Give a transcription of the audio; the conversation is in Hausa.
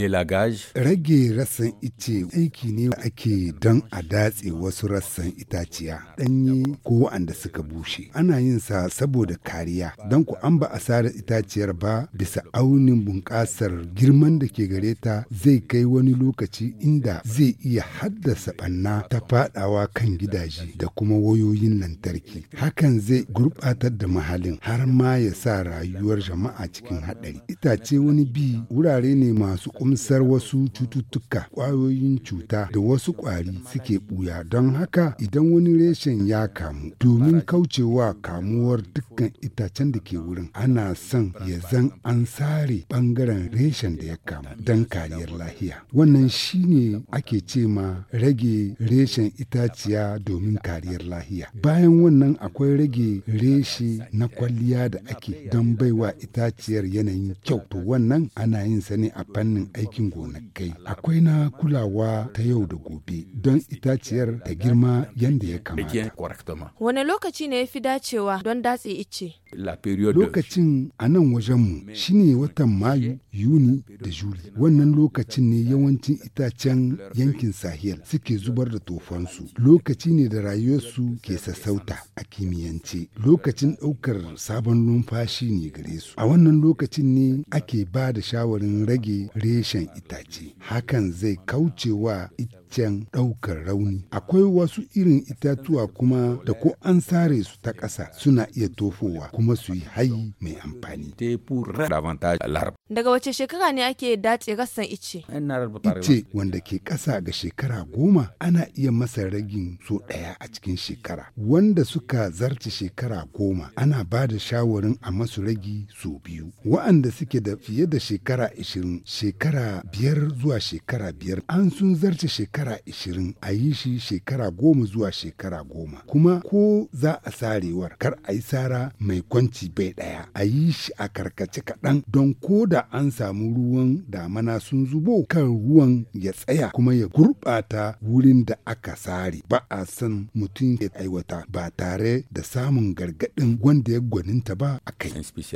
lelagage rage rassan ice aiki ne ake don a datse wasu rassan itaciya ɗanye ko wanda suka bushe ana yin sa saboda kariya don ku an ba a itaciyar ba bisa aunin bunƙasar girman da ke gare ta zai kai wani lokaci inda zai iya haddasa ɓanna ta faɗawa kan gidaje da kuma wayoyin lantarki hakan zai gurɓatar da mahalin har ma ya sa rayuwar jama'a cikin haɗari itace wani bi wurare ne masu amsar wasu cututtuka ƙwayoyin cuta da wasu ƙwari suke ɓuya don haka idan wani reshen ya kamu domin kaucewa kamuwar dukkan itacen da ke wurin ana son ya zan an sare ɓangaren reshen da ya kamu don kariyar lahiya wannan shine ake ce ma rage reshen itaciya domin kariyar lahiya bayan wannan akwai rage reshe na kwalliya da ake don baiwa itaciyar yanayin kyau to wannan ana yin sani a fannin aikin gonakai akwai na kulawa ta yau da gobe don itaciyar ta girma yadda ya kamata wani lokaci ne ya fi dacewa don datse ice Lokacin a nan wajenmu shine shine watan Mayu, Yuni da Juli. Wannan lokacin ne yawancin itacen yankin Sahel suke zubar da tofansu. Lokaci ne da rayuwarsu ke sassauta a kimiyyance. Lokacin ɗaukar sabon numfashi ne gare su. A wannan lokacin ne ake ba da shawarin rage reshen itace. Hakan zai kaucewa halaccen ɗaukar rauni. Akwai wasu irin itatuwa kuma da ko an sare su ta ƙasa suna iya tofowa kuma su yi hayi mai amfani. Daga wace shekara ne ake dace rassan ice? Ice wanda ke ƙasa ga shekara goma ana iya masa ragin so ɗaya a cikin shekara. Wanda suka zarce shekara goma ana ba da shawarin a masu ragi so biyu. Wa'anda suke da fiye da shekara ashirin shekara biyar zuwa shekara biyar an sun zarce shekara shekara ishirin a yi shi shekara goma zuwa shekara goma kuma ko za a sarewar kar a yi sara mai kwanci bai ɗaya a yi shi a karkace kaɗan don ko da an samu ruwan damana sun zubo kan ruwan ya tsaya kuma ya gurɓata wurin da aka sare ba a san mutum ya aiwata ba tare da samun gargaɗin wanda ya gwaninta ba a kai.